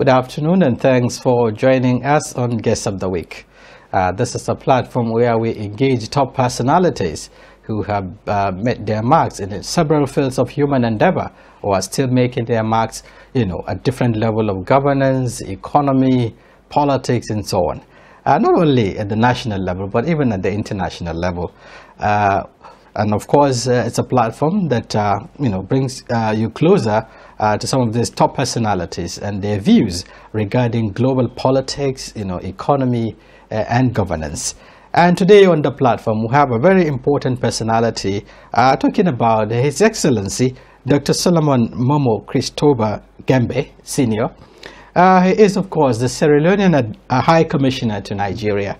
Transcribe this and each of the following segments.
Good afternoon and thanks for joining us on Guest of the Week. Uh, this is a platform where we engage top personalities who have uh, made their marks in several fields of human endeavor or are still making their marks, you know, at different level of governance, economy, politics and so on. Uh, not only at the national level, but even at the international level. Uh, and of course uh, it's a platform that uh, you know brings uh, you closer uh, to some of these top personalities and their views regarding global politics you know economy uh, and governance and today on the platform we have a very important personality uh, talking about his excellency dr solomon momo christoba gembe senior he is of course the sierra leonean high commissioner to nigeria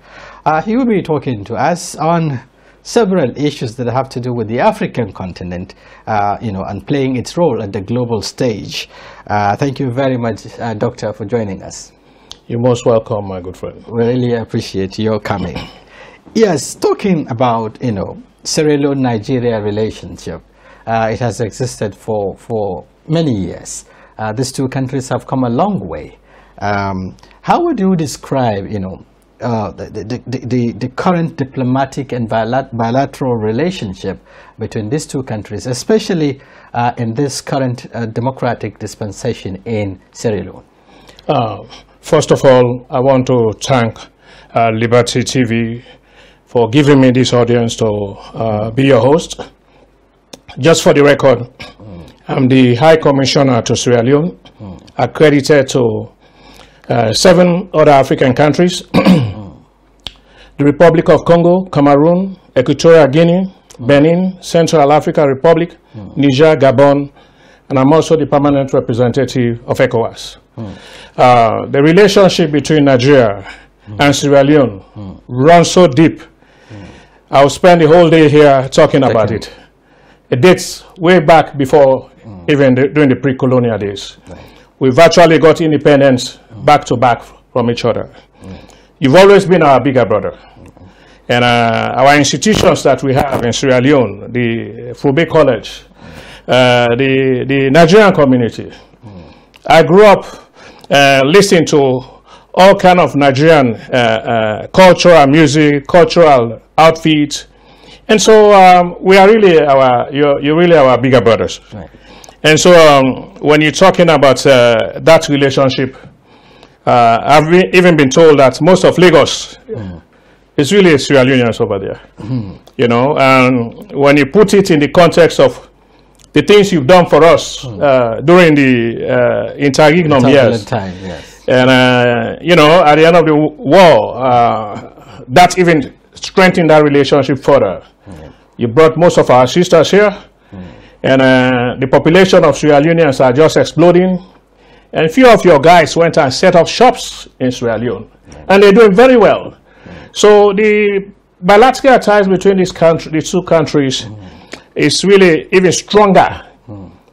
he will be talking to us on several issues that have to do with the African continent, uh, you know, and playing its role at the global stage. Uh, thank you very much, uh, Doctor, for joining us. You're most welcome, my good friend. We really appreciate your coming. yes, talking about, you know, Sierra Leone-Nigeria relationship, uh, it has existed for, for many years. Uh, these two countries have come a long way. Um, how would you describe, you know, uh, the, the, the, current diplomatic and bilateral relationship between these two countries, especially uh, in this current uh, democratic dispensation in Sierra Leone? Uh, first of all, I want to thank uh, Liberty TV for giving me this audience to be your host. Just for the record, mm. I'm the High Commissioner to Sierra Leone, mm. accredited to uh, seven other African countries the Republic of Congo, Cameroon, Equatorial Guinea, Benin, Central African Republic, Niger, Gabon, and I'm also the permanent representative of ECOWAS. Uh, the relationship between Nigeria and Sierra Leone runs so deep. I'll spend the whole day here talking about it. It dates way back before, even the, during the pre-colonial days. Right we virtually got independence back to back from each other. You've always been our bigger brother. And uh, our institutions that we have in Sierra Leone, the Fube College, uh, the, the Nigerian community. I grew up uh, listening to all kind of Nigerian uh, uh, cultural music, cultural outfits. And so um, we are really our, you're, you're really our bigger brothers. Right. And so um, when you're talking about uh, that relationship, uh, I've even been told that most of Lagos mm. is really a Sierra Leoneans over there. Mm. You know, and when you put it in the context of the things you've done for us mm. uh, during the uh, interregnum years. Time, yes. And, uh, you know, at the end of the war, uh, that even strengthened that relationship further. You brought most of our sisters here and uh, the population of Sierra Leoneans are just exploding. And few of your guys went and set up shops in Sierra Leone. And they're doing very well. So the bilateral ties between these, country, the two countries is really even stronger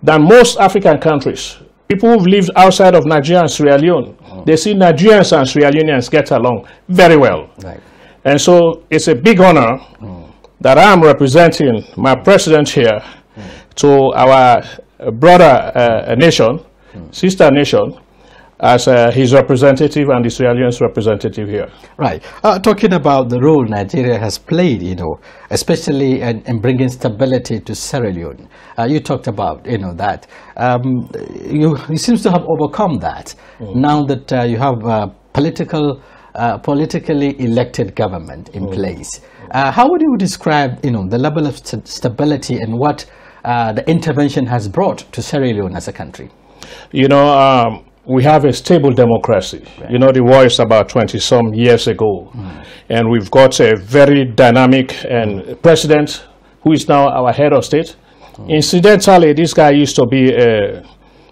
than most African countries. People who've lived outside of Nigeria and Sierra Leone, they see Nigerians and Sierra Leoneans get along very well. Right. And so it's a big honor that I'm representing my president here to our uh, brother uh, nation, sister nation, as uh, his representative and the Sierra Leone's representative here. Right. Uh, talking about the role Nigeria has played, you know, especially in, in bringing stability to Sierra Leone. Uh, you talked about, you know, that. Um, you, you seems to have overcome that mm. now that uh, you have political, politically elected government in mm. place. how would you describe, you know, the level of st stability and what uh, the intervention has brought to Sierra Leone as a country? You know, um, we have a stable democracy. Right. You know, the war is about 20 some years ago. Mm. And we've got a very dynamic and president who is now our head of state. Mm. Incidentally, this guy used to be a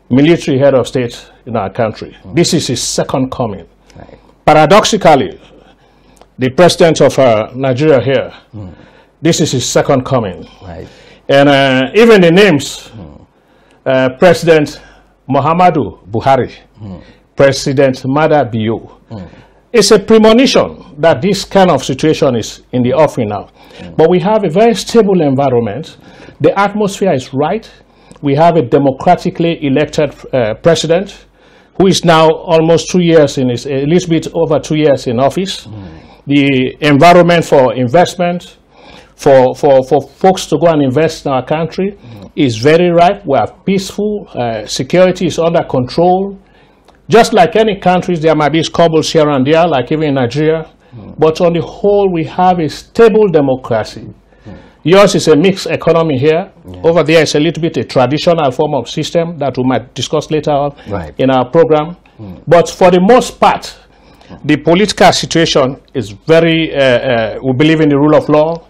military head of state in our country. Mm. This is his second coming. Right. Paradoxically, the president of uh, Nigeria here, hmm. this is his second coming. Right. And uh, even the names, uh, President Muhammadu Buhari, mm. President Mada Bio, mm. it's a premonition that this kind of situation is in the offing now. But we have a very stable environment. The atmosphere is right. We have a democratically elected uh, president who is now almost two years in his, a little bit over two years in office. The environment for investment, for, for, for folks to go and invest in our country is very ripe. We are peaceful. Uh, security is under control. Just like any countries, there might be squabbles here and there, like even in Nigeria. Mm. But on the whole, we have a stable democracy. Mm. Yours is a mixed economy here. Yeah. Over there, it's a little bit a traditional form of system that we might discuss later on right. in our program. Hmm. But for the most part, the political situation is very, uh, uh, we believe in the rule of law.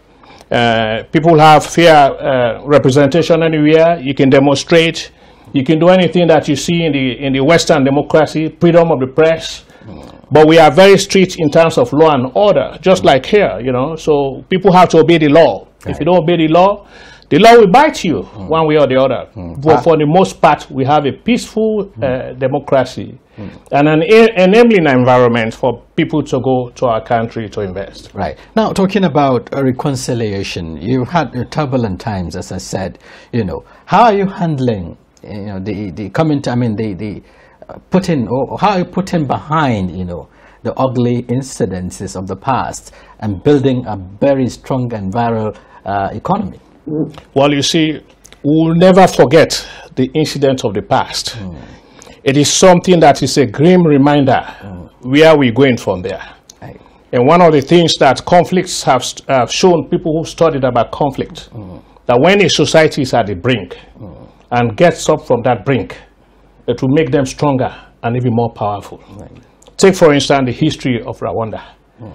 Uh, people have fair uh, representation anywhere. You can demonstrate. You can do anything that you see in the in the Western democracy, freedom of the press. Mm. But we are very strict in terms of law and order, just mm. like here, you know. So people have to obey the law. Right. If you don't obey the law, the law will bite you mm. one way or the other. Mm. But ah. for the most part, we have a peaceful hmm. uh, democracy hmm. and an enabling environment for people to go to our country to invest. Right. Now, talking about uh, reconciliation, you've had turbulent times, as I said. You know, how are you handling you know, the, the comment, I mean, the, the uh, putting, or how are you putting behind, you know, the ugly incidences of the past and building a very strong and viral uh, economy? Well, you see, we'll never forget the incidents of the past. Mm. It is something that is a grim reminder mm. where we're going from there. Aye. And one of the things that conflicts have, have shown people who studied about conflict, mm. that when a society is at the brink hmm. and gets up from that brink, it will make them stronger and even more powerful. Right. Take, for instance, the history of Rwanda. Hmm.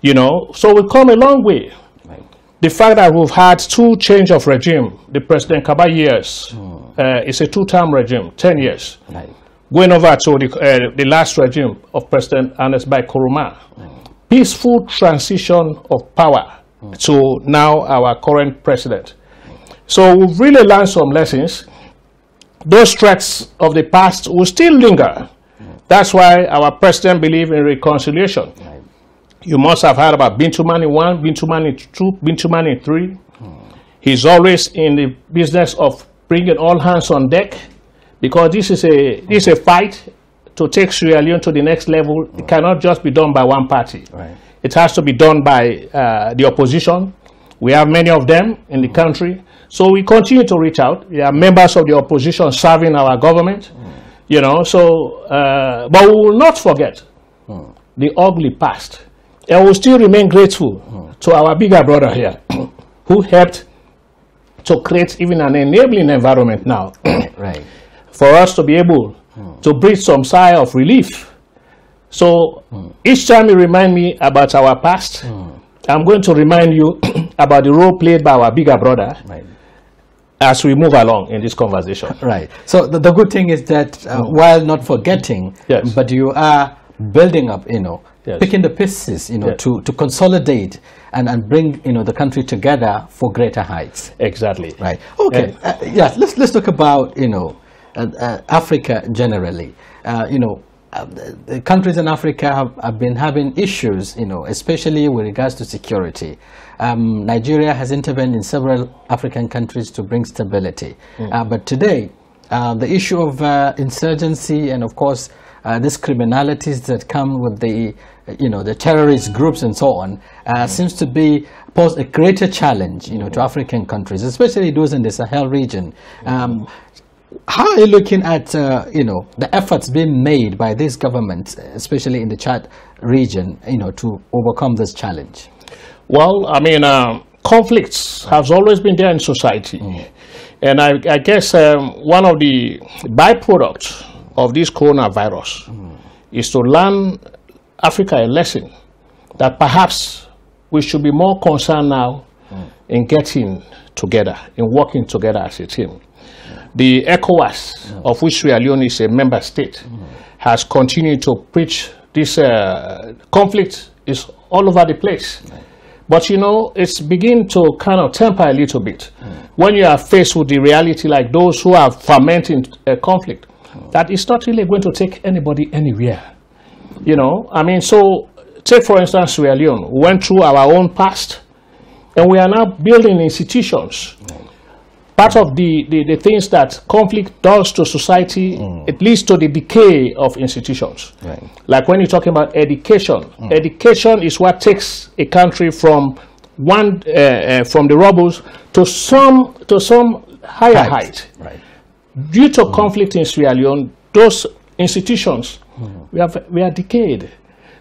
You know, so we've come a long way the fact that we've had two change of regime, the President Kaba years, mm. uh, it's a two-term regime, 10 years. Right. Going over to the, uh, the last regime of President Ernest Bai Koroma. Mm. Peaceful transition of power mm. to now our current president. So we've really learned some lessons. Those threats of the past will still linger. Hmm. That's why our president believes in reconciliation. You must have heard about Bintuman in 1, Bintuman in 2, Bintuman in 3. Hmm. He's always in the business of bringing all hands on deck because this is a, this is a fight to take Sierra Leone to the next level. It cannot just be done by one party. Right. It has to be done by uh, the opposition. We have many of them in the mm. country. So we continue to reach out. There are members of the opposition serving our government. Mm. You know, so, uh, but we will not forget mm. the ugly past and we still remain grateful to our bigger brother here who helped to create even an enabling environment now right. for us to be able to breathe some sigh of relief. So hmm. each time you remind me about our past, hmm. I'm going to remind you about the role played by our bigger brother right. as we move along in this conversation. Right. So the, the good thing is that uh, hmm. while not forgetting, yes. but you are building up, you know, yes. picking the pieces, you know, yes. to, to consolidate and, and bring, you know, the country together for greater heights. Exactly. Right. Okay. Uh, yeah, let's, let's talk about, you know, uh, uh, Africa generally. Uh, you know, um, the countries in Africa have, have, been having issues, you know, especially with regards to security. Um, Nigeria has intervened in several African countries to bring stability. Mm. Uh, but today, uh, the issue of insurgency and, of course, uh, these criminalities that come with the you know, the terrorist groups and so on, uh, seems to be pose a greater challenge, you know, to African countries, especially those in the Sahel region. Um, how are you looking at, uh, you know, the efforts being made by these governments, especially in the Chad region, you know, to overcome this challenge? Well, I mean, uh, conflicts have always been there in society. Mm. And I, I guess um, one of the byproducts of this coronavirus mm. is to learn Africa a lesson that perhaps we should be more concerned now mm. in getting together, in working together as a team. Mm. The ECOWAS, of which Sierra Leone is a member state, has continued to preach this uh, conflict is all over the place. But you know, it's begin to kind of temper a little bit mm. when you are faced with the reality like those who are fermenting a conflict. Mm. That it's not really going to take anybody anywhere. You know, I mean, so take for instance Sierra Leone, we went through our own past and we are now building institutions. Mm. Part of the, the, the, things that conflict does to society, mm. it leads to the decay of institutions. Right. Like when you're talking about education, mm. education is what takes a country from one uh, uh, from the rubbles to some to some higher height. height. Right. Due to mm. conflict in Sierra Leone, those institutions Mm. We, have, we are decayed.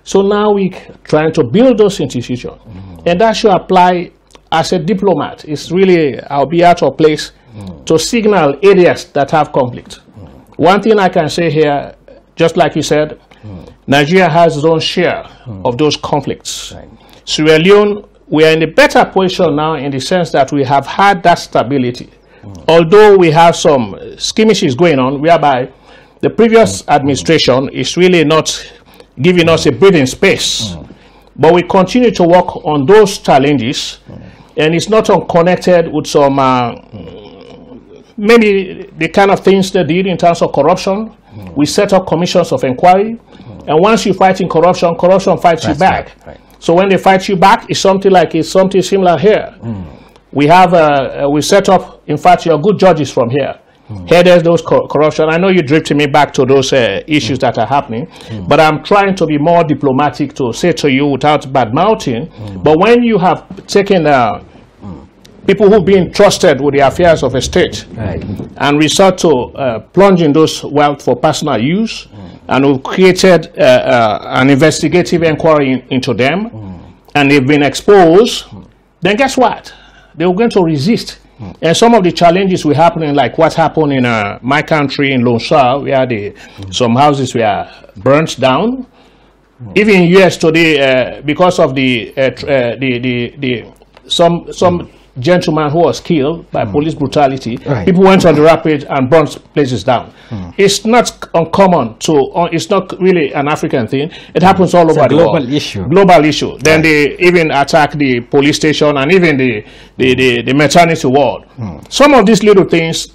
So now we trying to build those institutions. Mm. And that should apply as a diplomat. It's really, I'll be at a place mm. to signal areas that have conflict. Mm. One thing I can say here, just like you said, mm. Nigeria has its own share mm. of those conflicts. Right. Sierra Leone, we are in a better position now in the sense that we have had that stability. Although we have some skirmishes going on, whereby the previous administration is really not giving us a breathing space. But we continue to work on those challenges, and it's not unconnected with some uh, maybe the kind of things they did in terms of corruption. We set up commissions of inquiry, and once you fight in corruption, corruption fights That's you back. Right, right. So when they fight you back, it's something like it's something similar here. Mm. We have uh, uh, we set up, in fact, your good judges from here. Mm. Here there's those co corruption. I know you're drifting me back to those uh, issues mm. that are happening, mm. but I'm trying to be more diplomatic to say to you without bad mouthing. Hmm. But when you have taken uh, hmm. people who've been trusted with the affairs of a state right. and resort to uh, plunging those wealth for personal use hmm. and who created uh, uh, an investigative inquiry in, into them and they've been exposed, then guess what? They are going to resist Mm. And some of the challenges were happening, like what happened in uh, my country in Lonsha, where the, mm some houses were burnt down. Mm Even US today, uh, because of the, uh, uh, the, the, the, some, some mm gentleman who was killed by mm. police brutality. Right. People went on the rapid and burnt places down. Mm. It's not uncommon to, uh, it's not really an African thing. It happens all it's over the global issue. Global issue. Then right. they even attack the police station and even the, the, the, the maternity ward. Mm. Some of these little things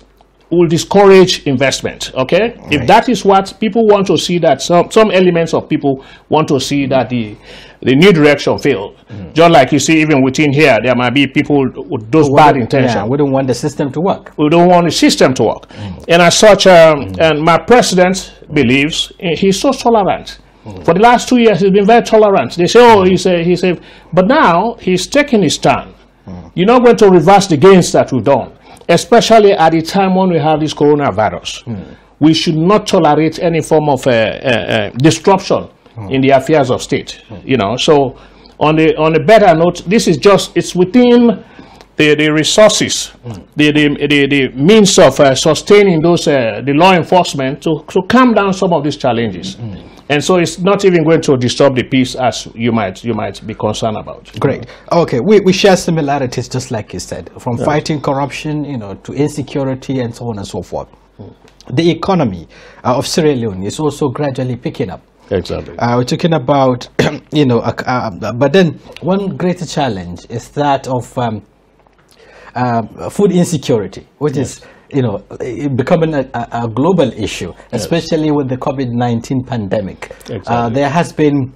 will discourage investment. Okay, right. if that is what people want to see, that some some elements of people want to see that the the new direction failed. Mm. Just like you see, even within here, there might be people with those bad intentions. Yeah, we don't want the system to work. We don't want the system to work. Mm. And as such, um, mm. and my president believes eh, he's so tolerant. Mm. For the last two years, he's been very tolerant. They say, oh, he said, he said, but now he's taking his stand. Mm. You're not going to reverse the gains that we've done especially at the time when we have this coronavirus. Mm. We should not tolerate any form of uh, uh, uh disruption mm. in the affairs of state. You know, so on the on a better note, this is just it's within the, the resources, mm. the, the, the, the, means of uh, sustaining those, uh, the law enforcement to, to calm down some of these challenges. Mm and so it's not even going to disturb the peace as you might you might be concerned about. Great. Okay, we, we share similarities just like you said, from yes. fighting corruption, you know, to insecurity and so on and so forth. The economy uh, of Sierra Leone is also gradually picking up. Exactly. Uh, we're talking about, you know, uh, but then one greater challenge is that of um, uh, food insecurity, which yes. is you know, becoming a, a global issue, yes. especially with the COVID-19 pandemic. Uh, exactly. Uh, there has been,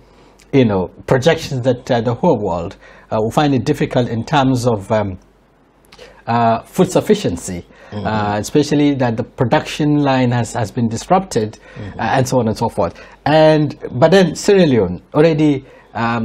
you know, projections that uh, the whole world uh, will find it difficult in terms of um, uh, food sufficiency. Mm -hmm. especially that the production line has, has been disrupted mm -hmm. and so on and so forth. And But then Sierra Leone already um,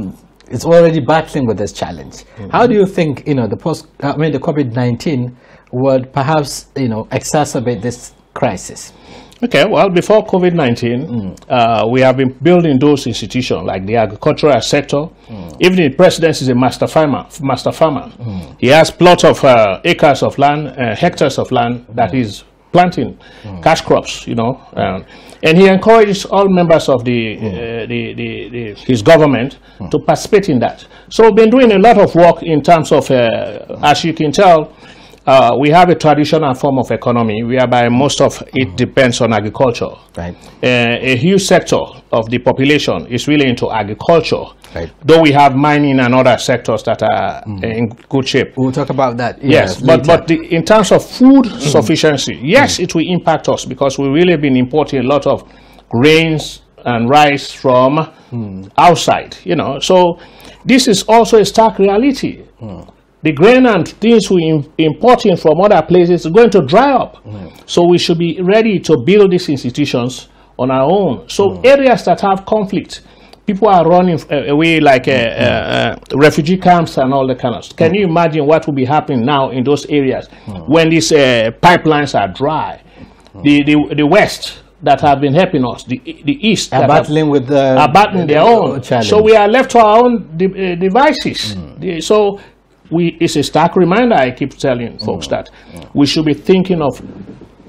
it's already battling with this challenge. Mm -hmm. How do you think, you know, the post, I mean, the COVID-19 would perhaps you know exacerbate this crisis? Okay, well, before COVID-19, mm. uh, we have been building those institutions like the agricultural sector. Mm. Even the president is a master farmer. Master farmer. Mm. He has plots of uh, acres of land, uh, hectares of land that mm. he's planting mm. cash crops, you know. Um, and he encourages all members of the, mm. uh, the, the, the, his government to participate in that. So we've been doing a lot of work in terms of, uh, as you can tell, uh, we have a traditional form of economy whereby most of it depends on agriculture. Right. Uh, a huge sector of the population is really into agriculture, right. though we have mining and other sectors that are mm. in good shape. We'll talk about that. Yes, but, but the, in terms of food mm. sufficiency, yes, mm. it will impact us because we've really been importing a lot of grains and rice from mm. outside, you know. So this is also a stark reality. Mm the grain and things we import in from other places is going to dry up. Mm. So we should be ready to build these institutions on our own. So mm. areas that have conflict, people are running eh, away like uh, uh, uh, refugee camps and all the kind of stuff. Can mm. you imagine what will be happening now in those areas mm. when these eh, pipelines are dry? Mm. The, the, the West that have been helping us, the, the East. Uh, are battling have, with the... Are battling their own. Challenge. So we are left to our own de eh, devices. Mm. The, so we, it's a stark reminder I keep telling mm. folks mm. that we should be thinking of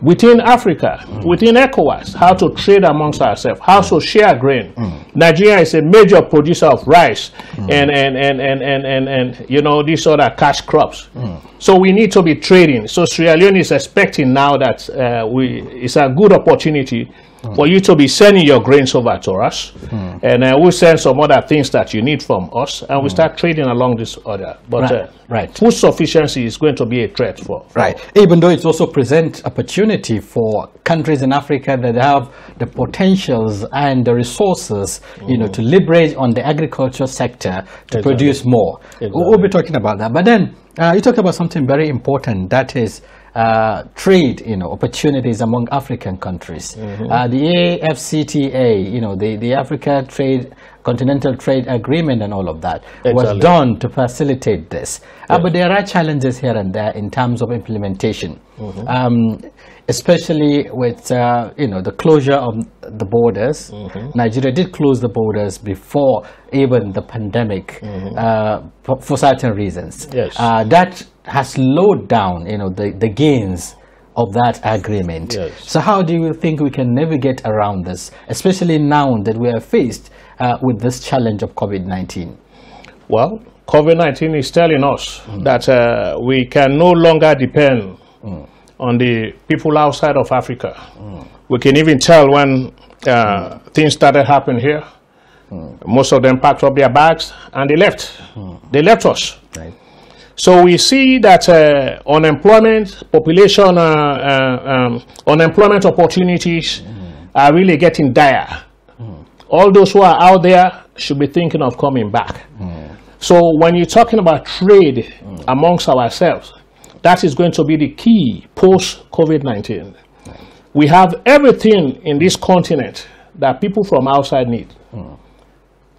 within Africa, mm. within ECOWAS, how to trade amongst ourselves, how to share grain. Mm. Nigeria is a major producer of rice mm. and, and, and, and, and, and, and, you know, these other cash crops. Mm. So we need to be trading. So Sierra Leone is expecting now that uh, we, it's a good opportunity for hmm. you to be sending your grains over to us. Mm. And then uh, we send some other things that you need from us, and mm. we hmm. start trading along this order. But right. Uh, right. food sufficiency is going to be a threat for, for, Right. Even though it also present opportunity for countries in Africa that have the potentials and the resources, mm. you know, hmm. to leverage on the agriculture sector to exactly. produce more. Exactly. We'll be talking about that. But then uh, you talk about something very important, that is uh, trade, you know, opportunities among African countries. Mm -hmm. uh, the AFCTA, you know, the, the Africa Trade Continental Trade Agreement and all of that exactly. was done to facilitate this. Uh, yes. but there are challenges here and there in terms of implementation, mm -hmm. um, especially with uh, you know the closure of the borders. Mm -hmm. Nigeria did close the borders before even the pandemic mm -hmm. uh, for, for, certain reasons. Yes. Uh, that has slowed down, you know, the, the gains of that agreement. Yes. So how do you think we can navigate around this, especially now that we are faced uh, with this challenge of COVID-19? Well, COVID-19 is telling us mm. that uh, we can no longer depend mm. on the people outside of Africa. Mm. We can even tell when uh, mm. things started happening here. Mm. Most of them packed up their bags and they left. Mm. They left us. Right. So we see that uh, unemployment, population, uh, uh, um, unemployment opportunities mm. are really getting dire. All those who are out there should be thinking of coming back. Mm. So when you're talking about trade amongst ourselves, that is going to be the key post-COVID-19. We have everything in this continent that people from outside need.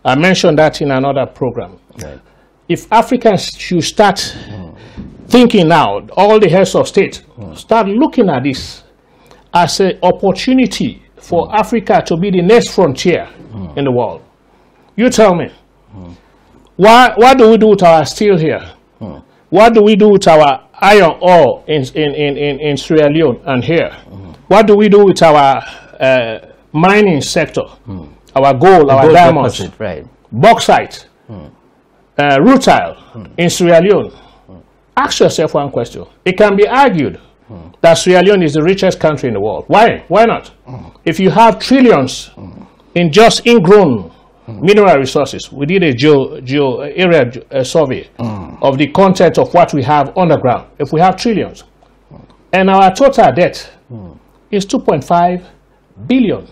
I mentioned that in another program. Right if Africans should start mm. thinking now, all the heads of state mm. start looking at this as an opportunity for mm. Africa to be the next frontier in the world. You tell me, why, what do we do with our steel here? What do we do with our iron ore in, in, in, in, Sierra Leone and here? What do we do with our uh, mining sector? Our gold, the our gold diamonds, deposit, right. bauxite. Hmm uh, rutile mm. in Sierra Leone, mm. ask yourself one question. It can be argued mm. that Sierra Leone is the richest country in the world. Why? Why not? If you have trillions in just ingrown mineral resources, we did a geo, geo uh, area uh, survey of the content of what we have underground. If we have trillions, and our total debt is 2.5 billion.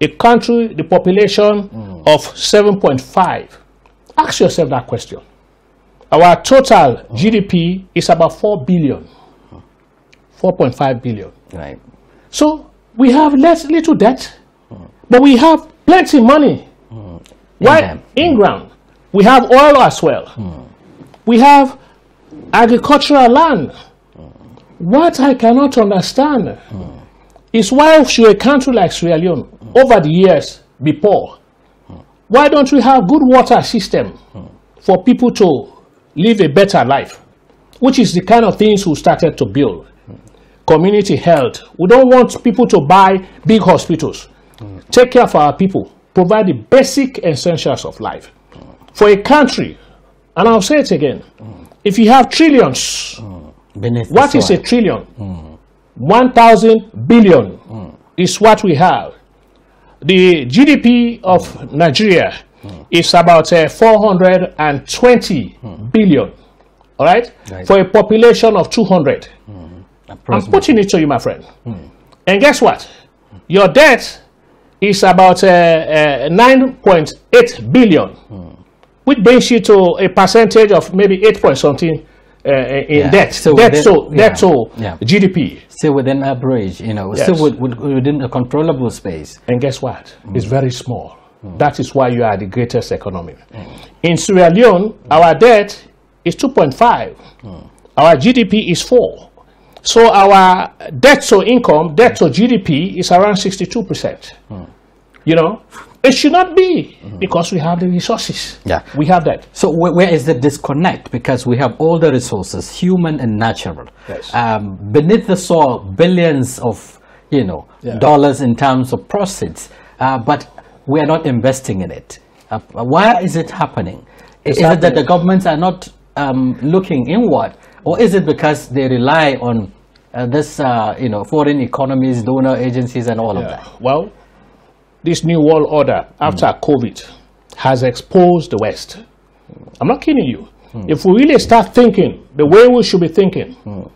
A country, the population of 7.5 Ask yourself that question. Our total GDP is about 4 billion, 4.5 billion. Right. So we have less little debt, but we have plenty money. Mm. In ground, We have oil as well. Mm. We have agricultural land. Mm. What I cannot understand mm. is why should a country like Sierra Leone, over the years, be poor? Why don't we have good water system for people to live a better life? Which is the kind of things we started to build. Community health. We don't want people to buy big hospitals. Take care of our people. Provide the basic essentials of life. For a country, and I'll say it again, if you have trillions, what is a trillion? 1,000 billion is what we have the GDP of Nigeria hmm. is about uh, 420 hmm. billion, all right, right, for a population of 200. Hmm. I'm putting it to you, my friend. And guess what? Your debt is about uh, uh, 9.8 billion, which brings you to a percentage of maybe 8 point something uh, in yeah. debt. So that's all. That's all. Yeah. GDP. Still within bridge, you know. Yes. Still with, with, within a controllable space. And guess what? Mm. It's very small. Mm. That is why you are the greatest economy. Mm. In Sierra Leone, mm. our debt is 2.5. Mm. Our GDP is 4. So our debt to income, debt to GDP is around 62%. Mm. You know, it should not be mm. because we have the resources. Yeah. We have that. So wh where is the disconnect? Because we have all the resources, human and natural. Yes. Um, beneath the soil, billions of you know yeah. dollars in terms of proceeds, uh, but we are not investing in it. Uh, why is it happening? Is it that the governments are not um, looking inward, or is it because they rely on uh, this, uh, you know, foreign economies, donor agencies, and all yeah. of that? Well, this new world order after mm. COVID has exposed the West. I'm not kidding you. Mm. If we really start thinking the way we should be thinking, mm.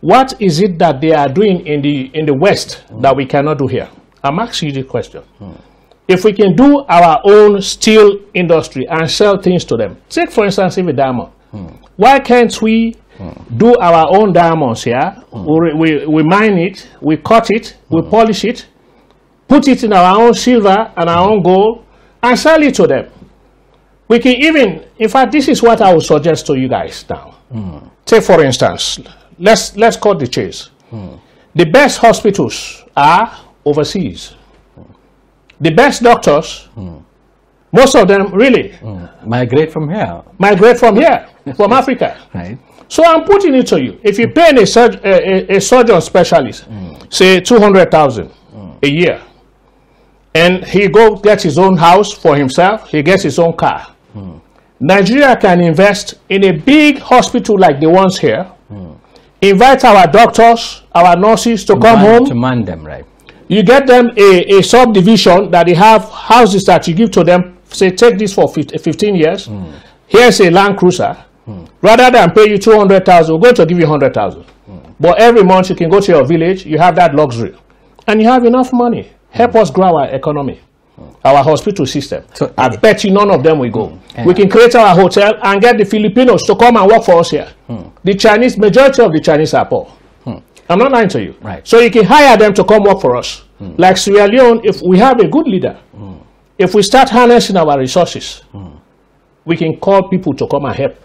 what is it that they are doing in the, in the West hmm. that we cannot do here? I'm asking you the question. Hmm. If we can do our own steel industry and sell things to them, take for instance, even diamond. Hmm. Why can't we do our own diamonds here? We, we, we mine it, we cut it, we polish it, put it in our own silver and our own gold, and sell it to them. We can even, in fact, this is what I would suggest to you guys now. Mm. Take, for instance, let's, let's cut the chase. Mm. The best hospitals are overseas. The best doctors, most of them really. Migrate from here. Migrate from here, from Africa. Right. So I'm putting it to you. If you pay a, surg a, a, a, surgeon specialist, say 200,000 a year, and he go gets his own house for himself, he gets his own car. Mm. Nigeria can invest in a big hospital like the ones here, mm. invite our doctors, our nurses to, come home. To man them, right. You get them a, a subdivision that they have houses that you give to them, say take this for 15 years, mm. here's a Land Cruiser. Hmm. Rather than pay you 200,000, we're going to give you 100,000. Hmm. But every month you can go to your village, you have that luxury. And you have enough money. Help us grow our economy, our hospital system. So I eh, bet you none of them will go. Eh. We can create our hotel and get the Filipinos to come and work for us here. Hmm. The Chinese, majority of the Chinese are poor. Hmm. I'm not lying to you. Right. So you can hire them to come work for us. Mm. Like Sierra Leone, if we have a good leader, mm. if we start harnessing our resources, mm. we can call people to come and help.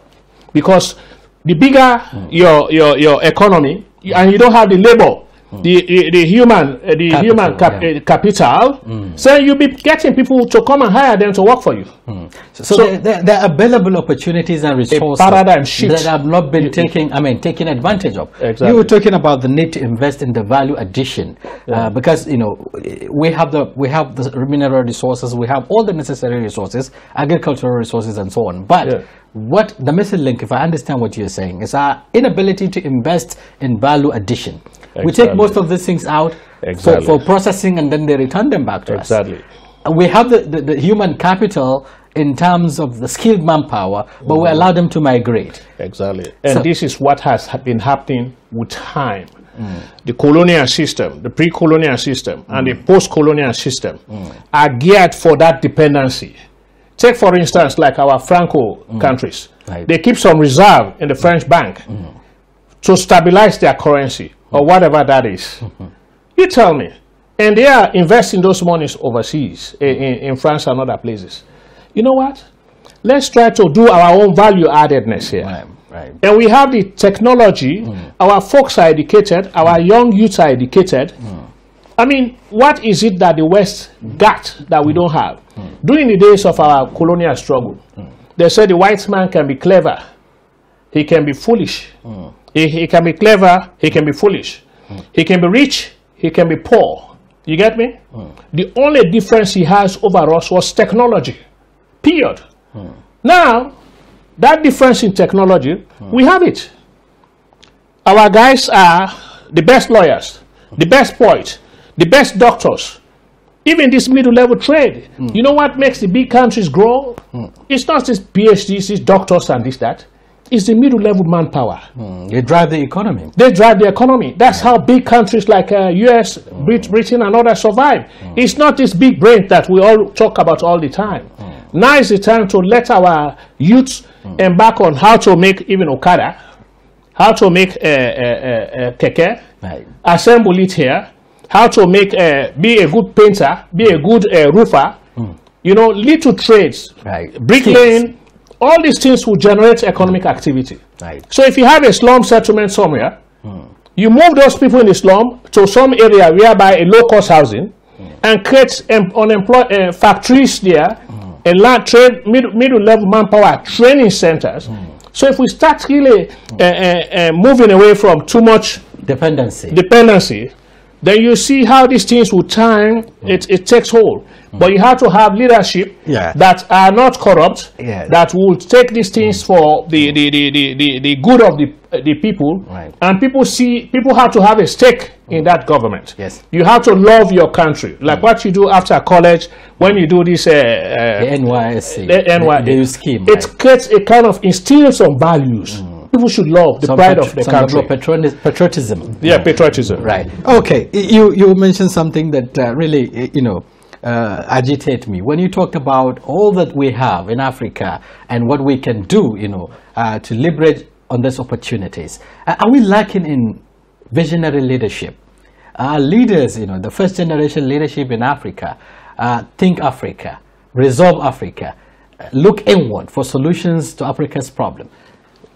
Because the bigger hmm. your, your, your economy, and you don't have the labor Mm. the, the human uh, the capital, human cap, yeah. uh, capital mm. so you'll be getting people to come and hire them to work for you mm. so, so, so there, are available opportunities and resources paradigm shift that have not been taking i mean taking advantage of exactly. you were talking about the need to invest in the value addition uh, yeah. uh, because you know we have the we have the mineral resources we have all the necessary resources agricultural resources and so on but yeah what the missing link, if I understand what you're saying, is our inability to invest in value addition. Exactly. We take most of these things out exactly. for, for processing and then they return them back to exactly. us. Exactly. Uh, we have the, the, the human capital in terms of the skilled manpower, but mm we mm-hmm. allow them to migrate. Exactly. And so, this is what has been happening with time. Mm. The colonial system, the pre-colonial system, mm. and the mm. post-colonial system mm. are geared for that dependency. Take, for instance, like our Franco mm. countries. Right. They keep some reserve in the French bank to stabilize their currency or whatever that is. Mm-hmm. you tell me. And they are investing those monies overseas, in, in France and other places. You know what? Let's try to do our own value addedness here. Right. Right. And we have the technology. Mm. Our folks are educated. Our mm. young youths are educated. Mm. I mean, what is it that the West got that we mm. don't have? Mm. During the days of our colonial struggle, mm. they said the white man can be clever. He can be foolish. He, he can be clever, he can be foolish. He can be rich, he can be poor. You get me? Mm. The only difference he has over us was technology. Period. Mm. Now, that difference in technology, we have it. Our guys are the best lawyers, the best poets, the best doctors, even this middle-level trade. You know what makes the big countries grow? Hmm. It's not just PhDs, it's doctors and this, that is the middle level manpower. Mm, they drive the economy. They drive the economy. That's yeah. Hmm. how big countries like uh, US, mm. Britain, and others survive. Mm. It's not this big brain that we all talk about all the time. Hmm. Now is the time to let our youths hmm. embark on how to make even Okada, how to make a uh, uh, uh, keke, right. assemble it here, how to make uh, be a good painter, be a good uh, roofer. You know, little trades, right. bricklaying all these things will generate economic activity. Right. So if you have a slum settlement somewhere, mm. you move those people in the slum to some area whereby a low-cost housing mm. and create um, unemployed uh, factories there mm. and land trade, middle, middle level manpower training centers. Hmm. So if we start really uh, uh, moving away from too much dependency, dependency, then you see how these things will turn. Hmm. it, it takes hold. But you have to have leadership yeah. that are not corrupt, that will take these things mm. for the, the, the, the, the, good of the, uh, the people. Right. And people see, people have to have a stake in mm. that government. Yes. You have to love your country. Like mm. what you do after college, when mm. you do this... Uh, uh the NYSC. The NYSC. scheme. It right. creates a kind of, instills some values people should love the some pride of the country. Patriotism. Yeah, patriotism. Right. Okay. You you mentioned something that uh, really you know uh, agitate me. When you talk about all that we have in Africa and what we can do, you know, uh, to leverage on these opportunities, uh, are we lacking in visionary leadership? Our leaders, you know, the first generation leadership in Africa, uh, think Africa, resolve Africa, uh, look inward for solutions to Africa's problem.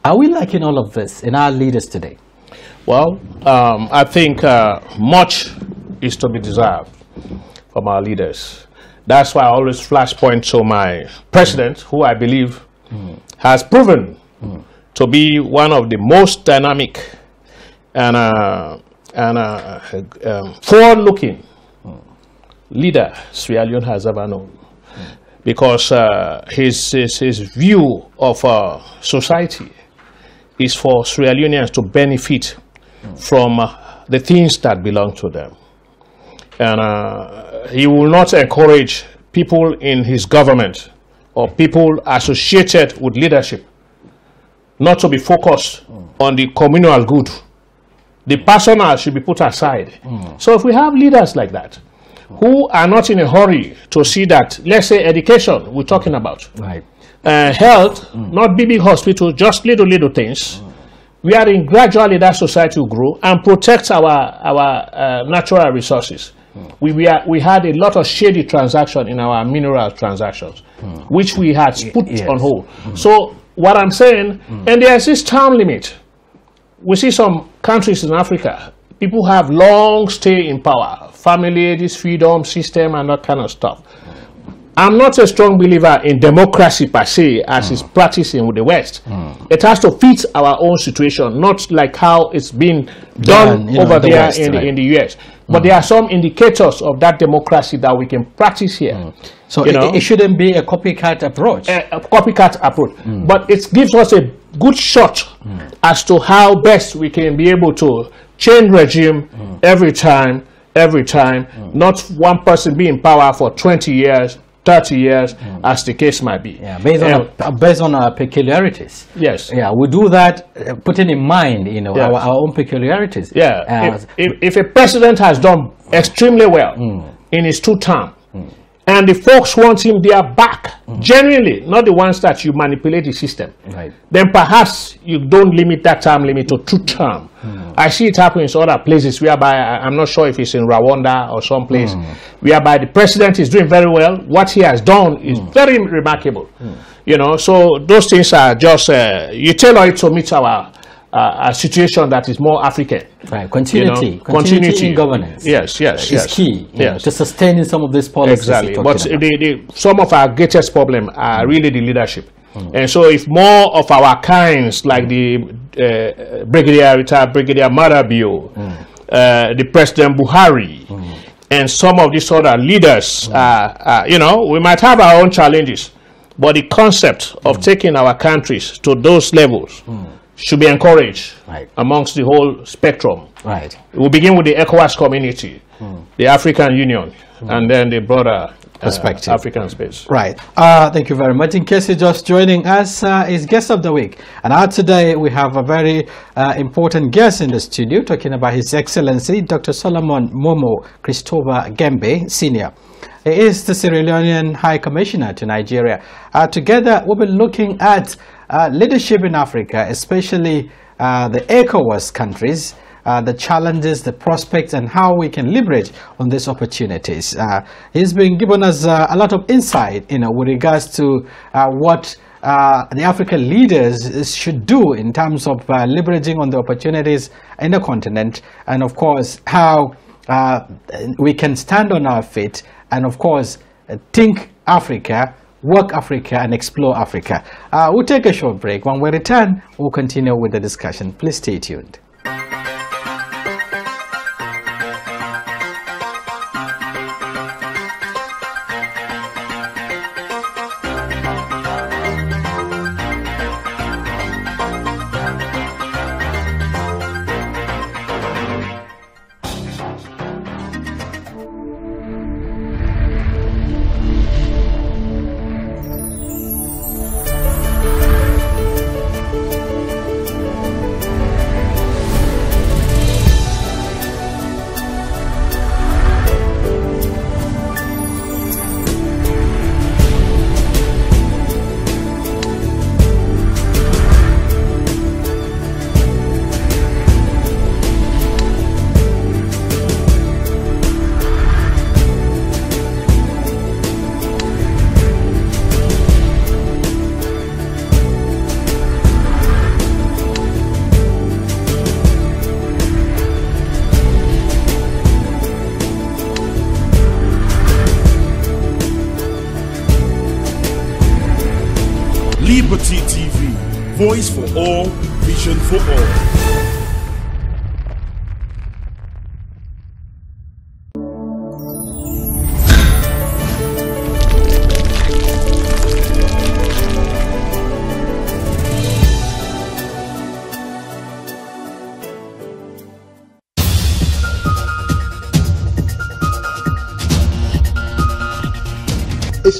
Are we lacking all of this in our leaders today? Well, um, I think uh, much is to be desired from our leaders. That's why I always flashpoint to my president, who I believe has proven to be one of the most dynamic and, uh, and uh, um, forward-looking leader Sierra Leone has ever known. Because uh, his, his, his, view of uh, society is for Sierra Leoneans to benefit from uh, the things that belong to them. And uh, he will not encourage people in his government or people associated with leadership not to be focused hmm. on the communal good. The personal should be put aside. Mm. So if we have leaders like that, who are not in a hurry to see that, let's say education we're talking about, right. Uh, health, mm. not big, big hospitals, just little, little things, mm. we are in gradually that society will grow and protect our, our uh, natural resources. Hmm. we, we, had, we had a lot of shady transaction in our mineral transactions, hmm. which we had put yes. on hold. Hmm. So what I'm saying, and there's this time limit. We see some countries in Africa, people have long stay in power, family, this freedom system and that kind of stuff. I'm not a strong believer in democracy per se as mm. is practiced in the West. Mm. It has to fit our own situation, not like how it's been done yeah, over know, the there West, in, right. in, the US. But mm. there are some indicators of that democracy that we can practice here. Hmm. So it, it, shouldn't be a copycat approach. A, a copycat approach. Hmm. But it gives us a good shot hmm. as to how best we can be able to change regime every time every time not one person be in power for 20 years 30 years, mm. as the case might be. Yeah, based on, our, uh, based on our peculiarities. Yes. Yeah, we do that uh, putting in mind, you know, yes. our, our own peculiarities. Yeah. Uh, if, if, if, a president has done extremely well mm. in his two terms, and the folks want him there back mm -hmm. generally not the ones that you manipulate the system right. then perhaps you don't limit that term limit to two term mm -hmm. i see it happen in other places whereby i'm not sure if it's in rwanda or someplace mm -hmm. whereby the president is doing very well what he has done is hmm. very remarkable hmm. you know so those things are just uh, you tell it to meet our uh, a situation that is more African. Right, continuity, you know, continuity, continuity, in governance. Yes, yes, is yes. key yes. Know, to sustaining some of these policies. Exactly, but the, the, some of our greatest problem are mm. really the leadership. Mm. And so, if more of our kinds, like mm. the uh, Brigadier retired Brigadier Marabio, mm. uh, the President Buhari, mm. and some of these other leaders, mm. you know, we might have our own challenges, but the concept of taking our countries to those levels should be encouraged right. amongst the whole spectrum. Right. We'll begin with the ECOWAS community, mm. the African Union, mm. and then the broader uh, perspective. Uh, African space. Right. Uh, thank you very much. In case you're just joining us, uh, is guest of the week. And now uh, today, we have a very uh, important guest in the studio talking about His Excellency, Dr. Solomon Momo Christova Gembe, Sr. He is the Sierra Leonean High Commissioner to Nigeria. Uh, together, we'll be looking at uh, leadership in Africa, especially uh, the ECOWAS countries, uh, the challenges, the prospects, and how we can leverage on these opportunities. Uh, he's been giving us uh, a lot of insight, you know, with regards to what uh, the African leaders should do in terms of uh, leveraging on the opportunities in the continent and of course how uh, we can stand on our feet and of course think Africa work Africa and explore Africa. Uh, we'll take a short break. When we return, we'll continue with the discussion. Please stay tuned.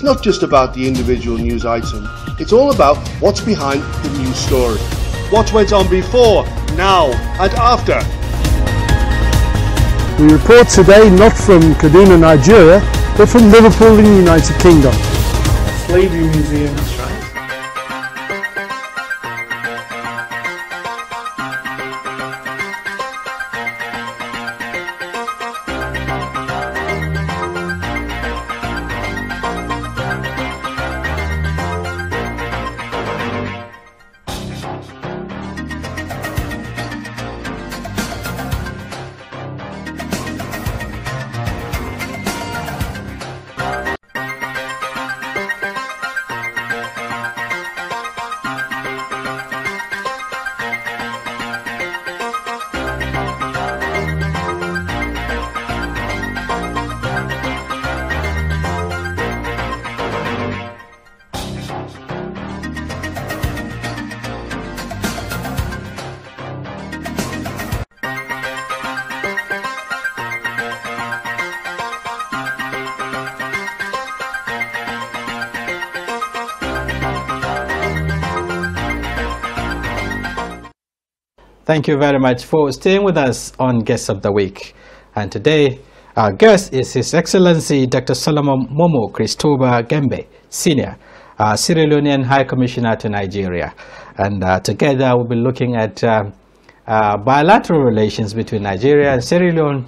It's not just about the individual news item, it's all about what's behind the news story. What went on before, now, and after. We report today not from Kaduna, Nigeria, but from Liverpool in the United Kingdom. Slavery Museum Thank you very much for staying with us on Guests of the Week. And today, our guest is His Excellency Dr. Solomon Momo Christoba Gembe, Senior, uh, Sierra Leonean High Commissioner to Nigeria. And uh, together we'll be looking at uh, uh, bilateral relations between Nigeria and Sierra Leone,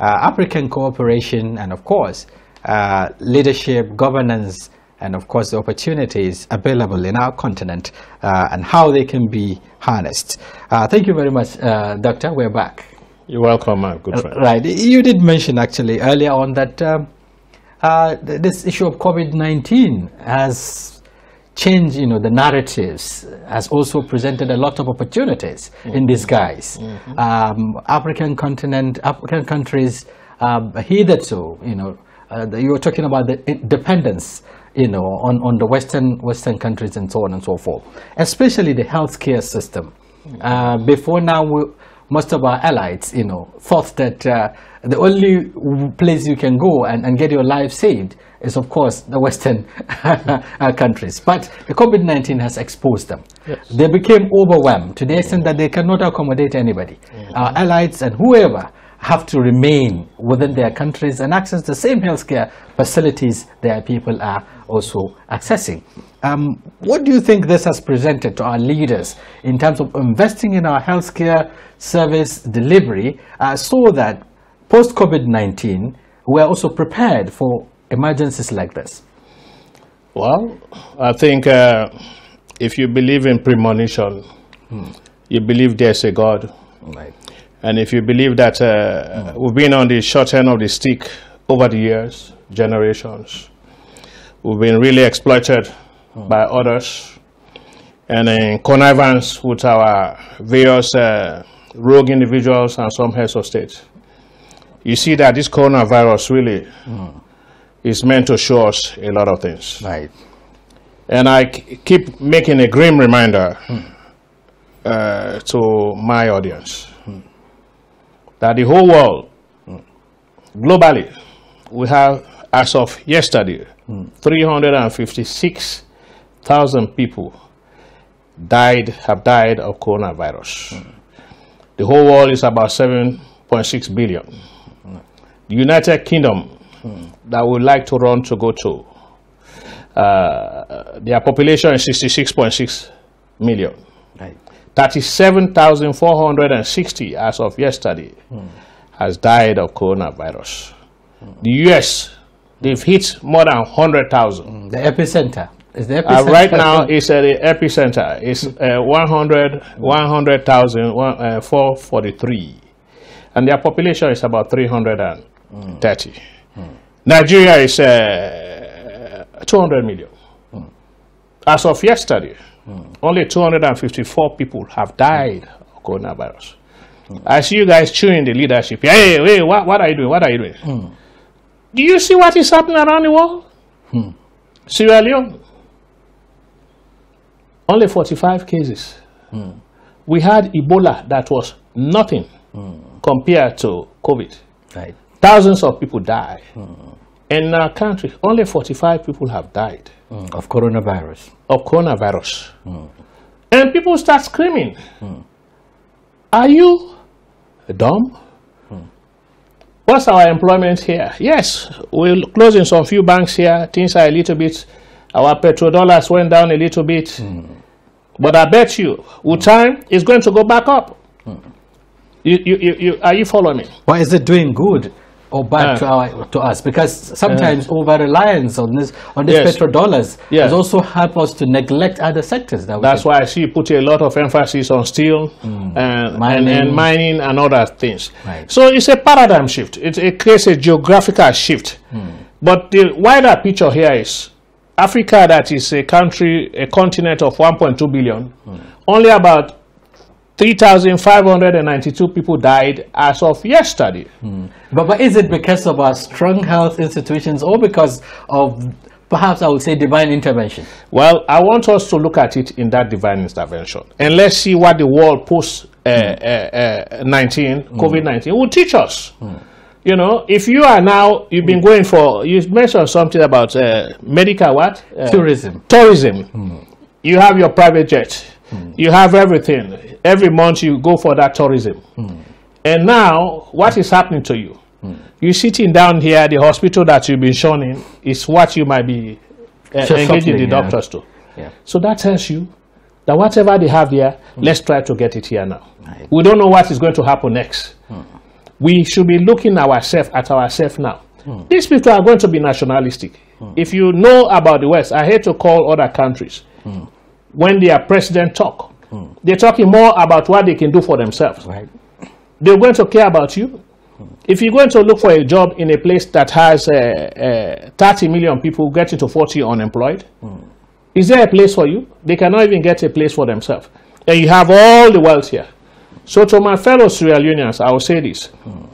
uh, African cooperation, and of course, uh, leadership, governance, and of course the opportunities available in our continent uh, and how they can be harnessed. Uh, thank you very much, uh, Doctor. We're back. You're welcome, my uh, good uh, friend. Right. You did mention actually earlier on that um, uh, this issue of COVID-19 has changed, you know, the narratives, has also presented a lot of opportunities mm -hmm. in disguise. Mm -hmm. um, African continent, African countries um, hitherto, you know, you were talking about the dependence you know, on, on the Western, Western countries and so on and so forth, especially the healthcare system. Uh, before now, we, most of our allies, you know, thought that uh, the only place you can go and, and get your life saved is, of course, the Western uh, countries. But the COVID-19 has exposed them. Yes. They became overwhelmed to the extent that they cannot accommodate anybody. Mm -hmm. Our allies and whoever have to remain within their countries and access the same healthcare facilities their people are also accessing. Um, what do you think this has presented to our leaders in terms of investing in our healthcare service delivery uh, so that post COVID-19 we're also prepared for emergencies like this? Well, I think uh, if you believe in premonition, hmm. you believe there's a God. Right and if you believe that uh, we've been on the short end of the stick over the years, generations, we've been really exploited hmm. by others. And in connivance with our various uh, rogue individuals and some heads of state, you see that this coronavirus really hmm. is meant to show us a lot of things. Right. And I keep making a grim reminder mm. uh, to my audience that the whole world, globally, we have, as of yesterday, mm. 356,000 people died, have died of coronavirus. Mm. The whole world is about 7.6 billion. Mm. The United Kingdom, that would like to run to go to, uh, their population is 66.6 million. Right. 37,460 as of yesterday mm. has died of coronavirus. Mm. The U.S., they've hit more than 100,000. Mm. The epicenter. Is the uh, epicenter. Uh, right now, it's at the epicenter. It's uh, 100, uh, And their population is about 330. Mm. Nigeria is uh, 200 million. Mm. As of yesterday, Mm. Only 254 people have died of coronavirus. Mm. I see you guys chewing the leadership. Hey, hey, what, what are you doing? What are you doing? Mm. Do you see what is happening around the world? Hmm. Sierra Leone, only 45 cases. Hmm. We had Ebola that was nothing hmm. compared to COVID. Right. Thousands of people died. In our country, only 45 people have died mm. of coronavirus. Of coronavirus. Mm. And people start screaming. Mm. Are you dumb? Mm. What's our employment here? Yes, we're closing some few banks here. Things are a little bit, our petrodollars went down a little bit. Mm. But I bet you, with mm. time, it's going to go back up. You, you, you, you, are you following me? Why is it doing good? or bad to, our, to us because sometimes over reliance on this on these yes. petrodollars yes. has also helped us to neglect other sectors. That That's why she put a lot of emphasis on steel mm. and, mining. And, and, mining and other things. Right. So it's a paradigm shift. It, it creates a geographical shift. Mm. But the wider picture here is Africa, that is a country, a continent of 1.2 billion, mm. only about 3,592 people died as of yesterday. Mm. But, but is it because of our strong health institutions or because of perhaps I would say divine intervention? Well, I want us to look at it in that divine intervention. And let's see what the world post uh, mm. uh, uh, 19, mm. COVID-19 will teach us. Hmm. You know, if you are now, you've been hmm. going for, you mentioned something about uh, medical what? Uh, tourism. Tourism. Hmm. You have your private jet. You have everything Every month you go for that tourism. Mm. And now, what is happening to you? Mm. You're sitting down here, the hospital that you've been shown in is what you might be uh, so engaging the doctors yeah. to. Yeah. So that tells you that whatever they have there, mm. let's try to get it here now. Right. We don't know what is going to happen next. Mm. We should be looking ourselves at ourselves now. Mm. These people are going to be nationalistic. If you know about the West, I hate to call other countries when their president talk. Mm. They're talking more about what they can do for themselves. Right. They're going to care about you. Mm. If you're going to look for a job in a place that has uh, uh, 30 million people getting to 40 unemployed, mm. is there a place for you? They cannot even get a place for themselves. And you have all the wealth here. So to my fellow Sierra unions, I will say this. Hmm.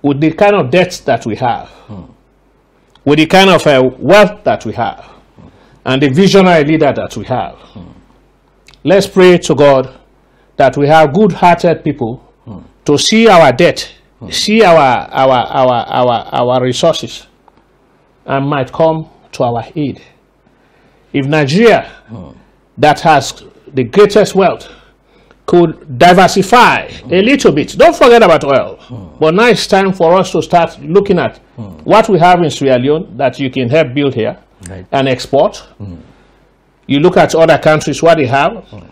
With the kind of debts that we have, hmm. with the kind of uh, wealth that we have, and the visionary leader that we have, hmm. Let's pray to God that we have good-hearted people mm. to see our debt, mm. see our, our, our, our, our resources, and might come to our aid. If Nigeria, mm. that has the greatest wealth, could diversify a little bit, don't forget about oil. But now it's time for us to start looking at what we have in Sierra Leone that you can help build here right. and export. You look at other countries, what they have, mm.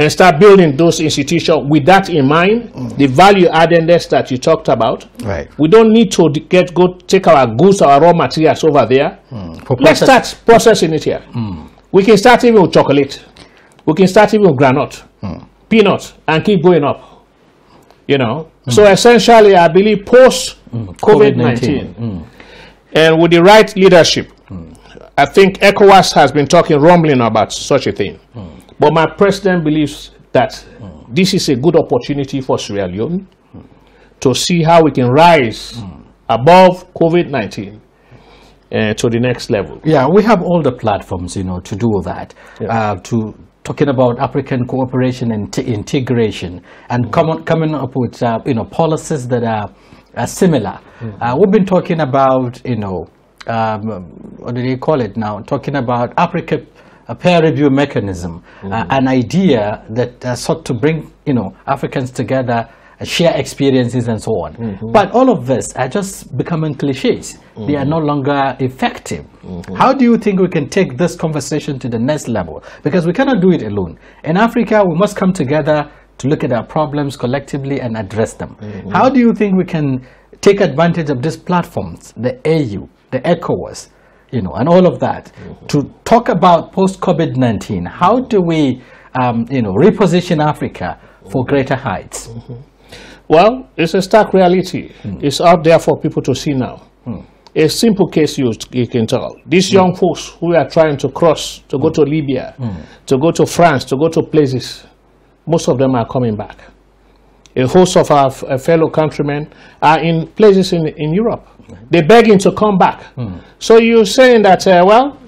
and start building those institutions with that in mind, mm. the value addedness that you talked about. Right. We don't need to get go take our goods, our raw materials over there. Mm. Let's start processing it here. Hmm. We can start even with chocolate. We can start even with granite, hmm. peanut, and keep going up. You know. Hmm. So essentially, I believe post COVID nineteen, and with the right leadership, I think ECOWAS has been talking rumbling about such a thing. Mm. But my president believes that mm. this is a good opportunity for Sierra Leone mm. to see how we can rise hmm. above COVID-19 uh, eh, to the next level. Yeah, we have all the platforms, you know, to do that, yeah. uh, to talking about African cooperation and integration and hmm. com coming up with, uh, you know, policies that are, are similar. Hmm. Uh, we've been talking about, you know, um, what do they call it now? Talking about Africa a peer review mechanism, mm -hmm. uh, an idea that uh, sought to bring you know Africans together, uh, share experiences and so on. Mm -hmm. But all of this are just becoming cliches. Mm -hmm. They are mm-hmm. no longer effective. Mm-hmm. How do you think we can take this conversation to the next level? Because we cannot do it alone. In Africa, we must come together to look at our problems collectively and address them. Mm -hmm. How do you think we can take advantage of these platforms, the AU, the ECOWAS, you know, and all of that, mm -hmm. to talk about post-COVID-19? How do we, um, you know, reposition Africa for mm-hmm. greater heights? Mm -hmm. Well, it's a stark reality. Mm. It's out there for people to see now. Mm. A simple case you, you can tell. These mm. young folks who are trying to cross, to go to Libya, to go to France, to go to places, most of them are coming back. A host of our uh, fellow countrymen are in places in, in Europe. Mm-hmm. They're begging to come back. Mm. So you're saying that, uh, well,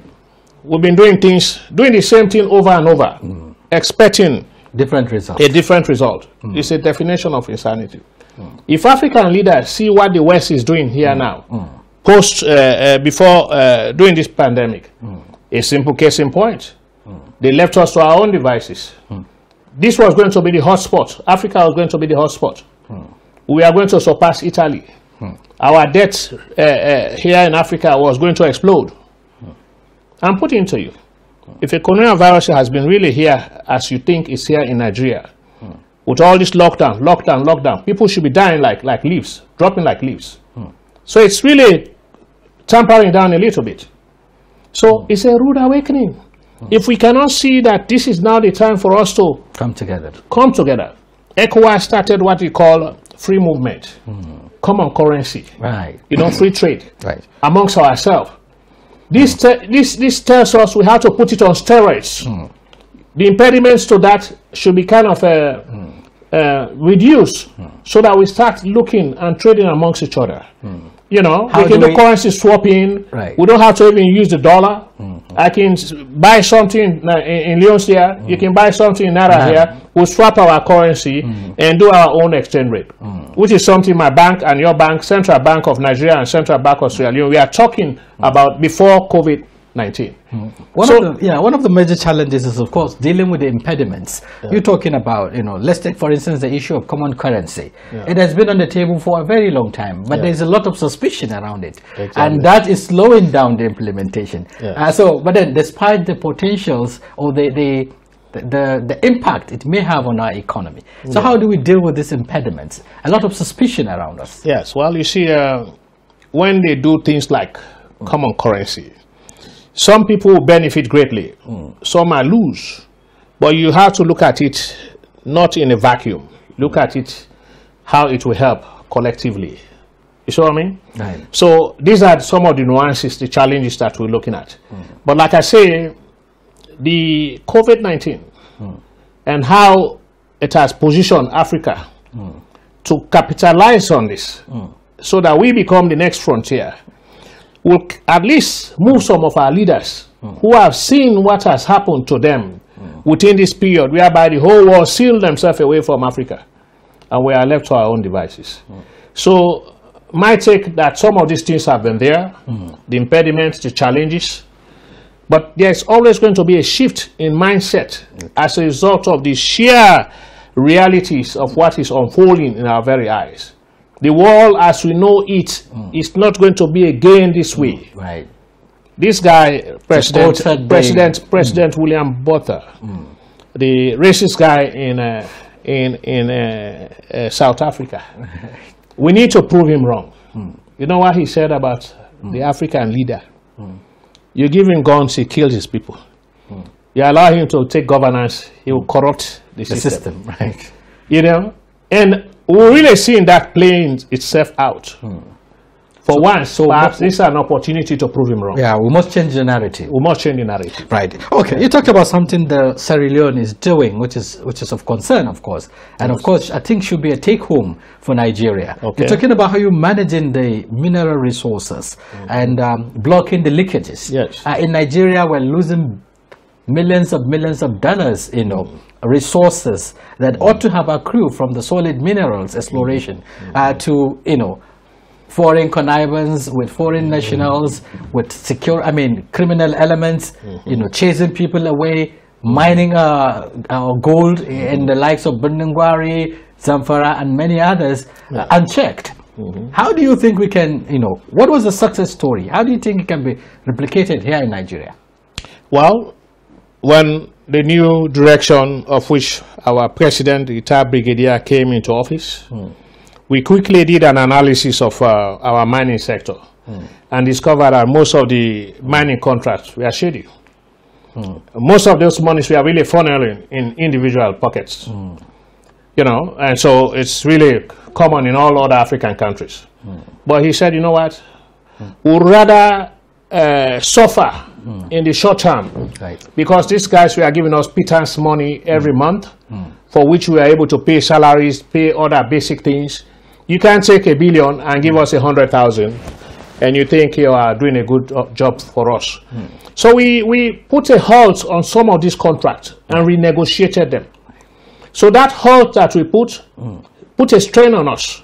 we've been doing things, doing the same thing over and over, mm. expecting different results. a different result. Mm. It's a definition of insanity. Hmm. If African leaders see what the West is doing here hmm. now, hmm. post, uh, uh, before, uh, doing this pandemic, a simple case in point, they left us to our own devices. Mm. This was going to be the hotspot. Africa was going to be the hotspot. Hmm. We are going to surpass Italy. Hmm. Our debt uh, uh, here in Africa was going to explode. Hmm. I'm putting to you, if a coronavirus has been really here as you think it's here in Nigeria, hmm. with all this lockdown, lockdown, lockdown, people should be dying like, like leaves, dropping like leaves. Hmm. So it's really tampering down a little bit. So hmm. it's a rude awakening. Hmm. If we cannot see that this is now the time for us to come together, come together. ECOWAS started what we call free movement, mm. common currency, right? You know, free trade, right? Amongst ourselves. This mm. this this tells us we have to put it on steroids. Mm. The impediments to that should be kind of uh, hmm. uh, reduced, hmm. so that we start looking and trading amongst each other. You know, How we can do, do we... currency swapping. Right. We don't have to even use the dollar. I can buy something in Lyon here. Mm -hmm. You can buy something in Naira mm-hmm. here. We'll swap our currency mm -hmm. and do our own exchange rate, mm -hmm. which is something my bank and your bank, Central Bank of Nigeria and Central Bank of Sierra Leone, we are talking mm-hmm. about before COVID 19. Hmm. One so, of the, yeah, one of the major challenges is, of course, dealing with the impediments. Yeah. You're talking about, you know, let's take, for instance, the issue of common currency. Yeah. It has been on the table for a very long time, but yeah. there's a lot of suspicion around it. Exactly. And that is slowing down the implementation. Uh, so, but then despite the potentials or the, the the, the, the impact it may have on our economy. So how do we deal with these impediments? A lot of suspicion around us. Yes, well, you see, uh, when they do things like common currency, some people benefit greatly, mm. some are lose. But you have to look at it not in a vacuum. Look at it how it will help collectively. You see what I mean? Right. So these are some of the nuances, the challenges that we're looking at. Mm. But like I say, the COVID-19 mm. and how it has positioned Africa to capitalize on this so that we become the next frontier will at least move some of our leaders who have seen what has happened to them within this period, whereby the whole world sealed themselves away from Africa, and we are left to our own devices. So my take that some of these things have been there, the impediments, the challenges, but there's always going to be a shift in mindset as a result of the sheer realities of what is unfolding in our very eyes. The world as we know it mm. is not going to be again this hmm. way. Right. This guy, President President, hmm. President William Butler, hmm. the racist guy in uh, in in uh, uh, South Africa. we need to prove him wrong. Mm. You know what he said about mm. the African leader? Mm. You give him guns, he kills his people. You allow him to take governance, he will corrupt the, the system. system. Right. You know, and we're really seeing that playing itself out. Hmm. For so, once, so perhaps this is an opportunity to prove him wrong. Yeah, we must change the narrative. We must change the narrative. Right. Okay. You talked about something the Sierra Leone is doing, which is which is of concern, of course, and yes. of course, I think should be a take home for Nigeria. Okay. You're talking about how you're managing the mineral resources mm. and um, blocking the leakages. Yes. Uh, in Nigeria, we're losing millions of millions of dollars, you know, mm resources that mm. ought to have accrued from the solid minerals exploration mm. Mm. uh, to, you know, foreign connivance with foreign mm. nationals, with secure, I mean, criminal elements, mm-hmm. you know, chasing people away, mining uh, uh, gold mm-hmm. in the likes of Bundangwari, Zamfara, and many others uh, unchecked. Mm -hmm. How do you think we can, you know, what was the success story? How do you think it can be replicated here in Nigeria? Well, when the new direction of which our president, retired brigadier, came into office, mm. we quickly did an analysis of uh, our mining sector mm. and discovered that most of the mining contracts were shady. Mm. Most of those monies were really funneling in individual pockets. Hmm. You know, and so it's really common in all other African countries. Hmm. But he said, you know what? We'd rather uh, suffer mm. in the short term. Right. Because these guys were giving us pittance money every mm. month, mm. for which we are able to pay salaries, pay other basic things. You can't take a billion and give us a hundred thousand, and you think you are doing a good uh, job for us. Mm. So we, we put a halt on some of these contracts and mm. renegotiated them. So that halt that we put, mm. put a strain on us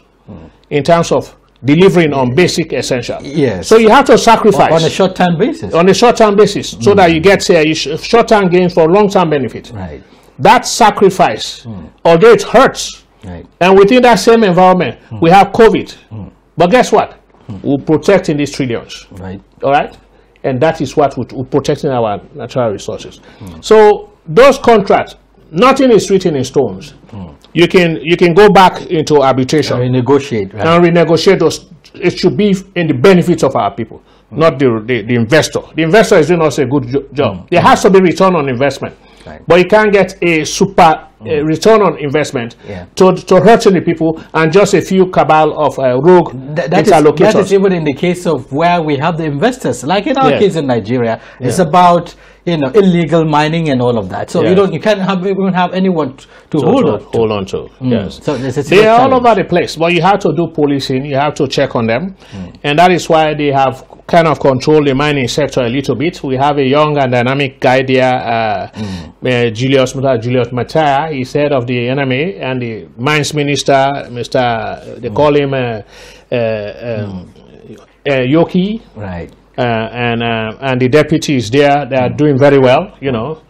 in terms of delivering on basic essentials. Yes. So you have to sacrifice. On a short-term basis. On a short-term basis, so that you mm. get uh, short-term gains for long-term benefit. Right. That sacrifice, mm. although it hurts, right. and within that same environment, mm. we have COVID. Mm. But guess what? Mm. We're protecting these trillions. Right. All right? And that is what we're, we're protecting our natural resources. So those contracts nothing is written in stones. Hmm. You can you can go back into arbitration and renegotiate right? and renegotiate those. It should be in the benefits of our people, hmm. not the, the, the investor. The investor is doing us a good job. Hmm. There has to be return on investment, right. but you can't get a super uh, return on investment yeah. to, to hurting the people and just a few cabal of uh, rogue Th that interlocutors. Is, that is even in the case of where we have the investors, like in our case in Nigeria, yeah. it's about you know illegal mining and all of that. So you don't you can't have, even have anyone to, hold to, on to. hold on to. Mm. Yes, so they are all over the place. But you have to do policing. You have to check on them, mm. and that is why they have kind of control the mining sector a little bit. We have a young and dynamic guy there, uh, mm. Uh, Julius Julius Mataya he said of the enemy, and the mines minister, Mr. They call him uh, uh um, uh, Yoki. Right. Uh, and and the deputies there, they are mm. doing very well, you know.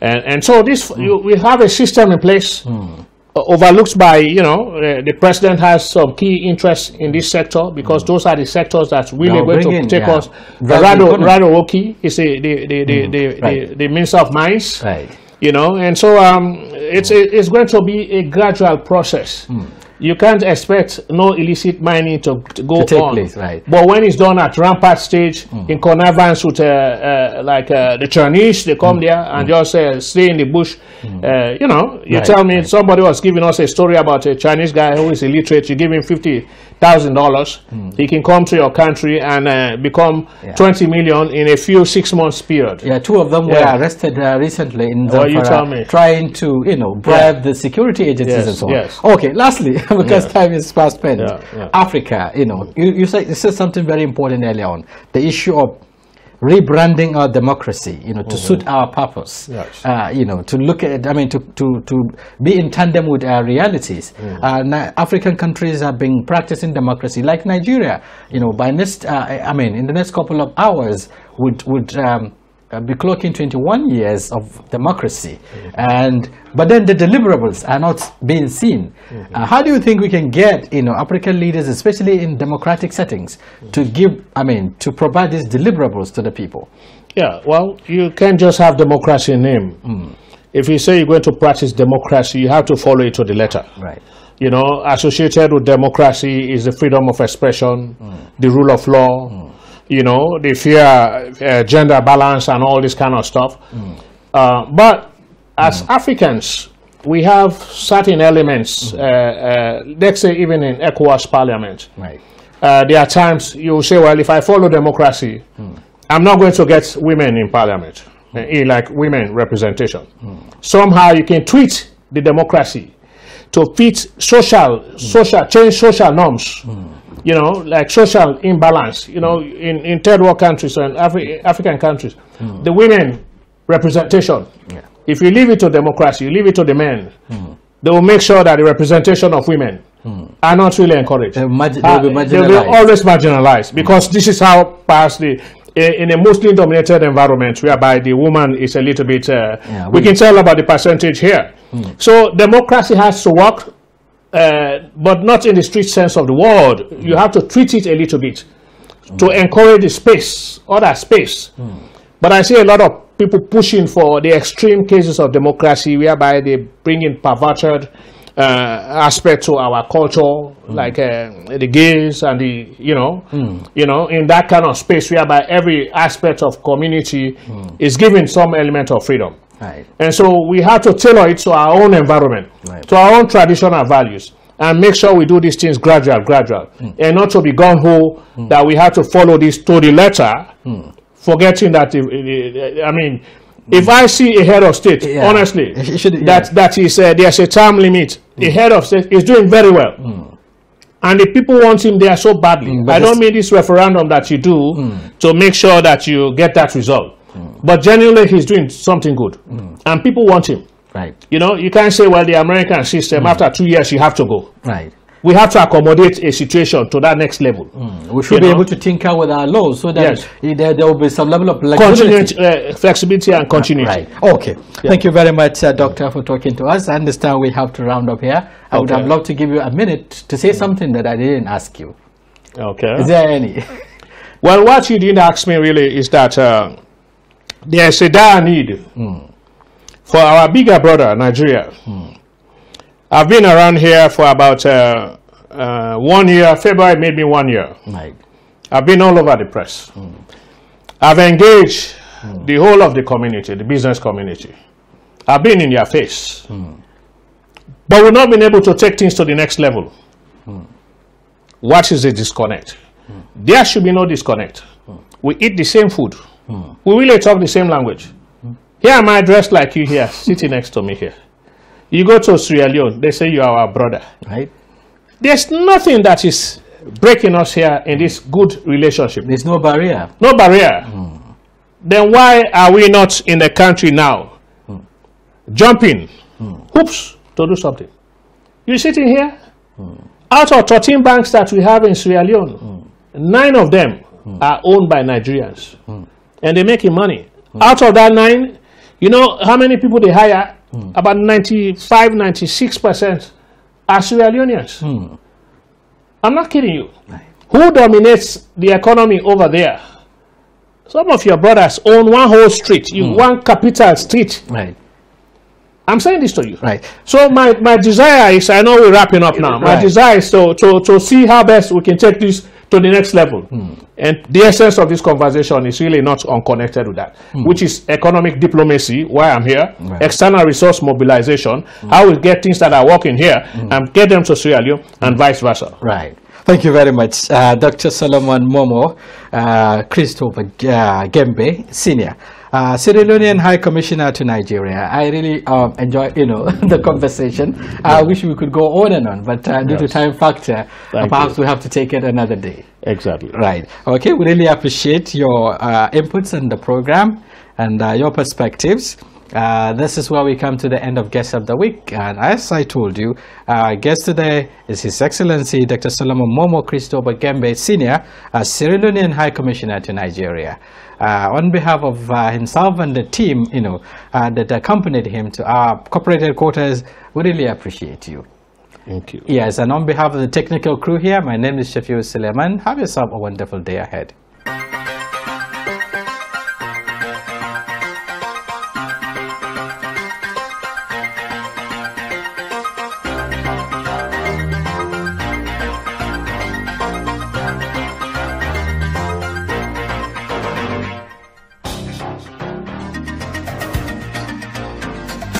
And, and so this, hmm. you, we have a system in place hmm. overlooked by, you know, uh, the president has some key interests in this sector because mm. those are the sectors that really no, going to in, take yeah. us. Rado, Rado Oki is the, the, the, mm. the, right. the, the, Minister of Mines. Right you know and so um, it's it's going to be a gradual process mm. you can't expect no illicit mining to, to go to take on place, right but when it's done at rampart stage mm. in connivance with uh, uh, like uh, the chinese they come mm. there and hmm. just uh, stay in the bush hmm. uh, you know you right, tell me right. somebody was giving us a story about a chinese guy who is illiterate you give him 50 thousand dollars, hmm. he can come to your country and uh, become yeah. twenty million in a few six months period. Yeah, two of them yeah. were arrested uh, recently in the trying to you know bribe yeah. the security agencies yes. and so on. Yes. Okay. Lastly, because time is fast spent, Africa. You know, you, you said, you said something very important earlier on the issue of rebranding our democracy, you know, to mm -hmm. suit our purpose, yes. uh, you know, to look at, I mean, to, to, to be in tandem with our realities. Mm. Uh, African countries have been practicing democracy like Nigeria, you know, by next, uh, I mean, in the next couple of hours would, would um, uh, be clocking 21 years of democracy, mm-hmm. and but then the deliverables are not being seen. Mm-hmm. Uh, how do you think we can get you know African leaders, especially in democratic settings, mm-hmm. to give I mean to provide these deliverables to the people? Yeah, well, you can't just have democracy in name. Mm. If you say you're going to practice democracy, you have to follow it to the letter. Right you know, associated with democracy is the freedom of expression, mm. the rule of law, mm you know, they fear uh, gender balance and all this kind of stuff. Mm. Uh, but as mm. Africans, we have certain elements, mm. uh, let's uh, say even in ECOWAS parliament. Right. Uh, there are times you say, well, if I follow democracy, hmm. I'm not going to get women in parliament, hmm. uh, eh, like women representation. Hmm. Somehow you can tweak the democracy to fit social, social change social norms you know, like social imbalance, you know, in, in third world countries and Afri African countries, mm. the women representation. Yeah. If you leave it to democracy, you leave it to the men, mm. they will make sure that the representation of women mm. are not really encouraged. They'll, ah, they'll, marginalized. they'll always marginalized because hmm. this is how past the in a Muslim dominated environment whereby the woman is a little bit, uh, yeah, we, we can tell about the percentage here. Mm. So democracy has to work uh, but not in the strict sense of the word. Mm You have to treat it a little bit to mm. encourage the space, other space. Mm. But I see a lot of people pushing for the extreme cases of democracy whereby they bring in perverted uh, aspect to our culture, mm. like uh, the gays and the, you know, mm. you know, in that kind of space whereby every aspect of community mm. is given some element of freedom. Right. And so we have to tailor it to our own environment, right. to our own traditional values, and make sure we do these things gradual, gradual, mm. and not to be gone whole mm. that we have to follow this to the letter, mm. forgetting that, if, I mean, if I see a head of state, yeah. honestly, should, yeah. that, that is, uh, there's a time limit, the hmm. head of state is doing very well hmm. and the people want him there so badly. Mm, I don't mean this referendum that you do mm. to make sure that you get that result. Mm. But genuinely, he's doing something good. Mm. And people want him. Right. You know, you can't say, well, the American system, mm. after two years, you have to go. Right. We have to accommodate a situation to that next level. Mm. We should be know? able to tinker with our laws so that yes. there, there will be some level of flexibility, uh, flexibility and continuity. Uh, right. Okay. Yeah. Thank you very much, uh, Doctor, for talking to us. I understand we have to round up here. I okay. would have loved to give you a minute to say mm. something that I didn't ask you. Okay. Is there any? well, what you didn't ask me really is that uh, there's a dire need mm. for our bigger brother, Nigeria. Mm. I've been around here for about uh, uh, one year. February maybe one year. Right. I've been all over the press. Mm. I've engaged hmm. the whole of the community, the business community. I've been in their face. Hmm. But we've not been able to take things to the next level. Hmm. What is the disconnect? There should be no disconnect. We eat the same food. Hmm. We really talk the same language. Hmm. Here am I dressed like you here, sitting next to me here. You go to Sierra Leone, they say you are our brother. Right. There's nothing that is breaking us here in this good relationship. There's no barrier. No barrier. Hmm. Then why are we not in the country now? Jumping hoops to do something. You sitting here? Out of 13 banks that we have in Sierra Leone, nine of them are owned by Nigerians and they're making money. Mm. Out of that nine, you know how many people they hire? Mm. About 95, 96% are Sierra Leoneans. Mm. I'm not kidding you. Right. Who dominates the economy over there? Some of your brothers own one whole street, you hmm. one capital street. Right. I'm saying this to you. Right. So my, my desire is, I know we're wrapping up now. My right. desire is to, to, to see how best we can take this to the next level. Mm. And the essence of this conversation is really not unconnected with that, mm. which is economic diplomacy, why I'm here, right. external resource mobilization, mm. how we get things that are working here hmm. and get them to Sierra Leone and hmm. vice versa. Right. Thank you very much, uh, Dr. Solomon Momo, uh, Christopher uh, Gembe, Senior uh, Sierra Leonean High Commissioner to Nigeria. I really um, enjoy, you know, the conversation. Uh, I wish we could go on and on, but uh, due yes. to time factor, Thank perhaps you. we have to take it another day. Exactly. Right. Okay. We really appreciate your uh, inputs in the program and uh, your perspectives. Uh, this is where we come to the end of Guest of the Week. And as I told you, our guest today is His Excellency Dr. Solomon Momo Christopher Gembe Sr., a Sierra Leonean High Commissioner to Nigeria. Uh, on behalf of uh, himself and the team, you know, uh, that accompanied him to our corporate headquarters, we really appreciate you. Thank you. Yes, and on behalf of the technical crew here, my name is Shafiu Suleiman. Have yourself a wonderful day ahead.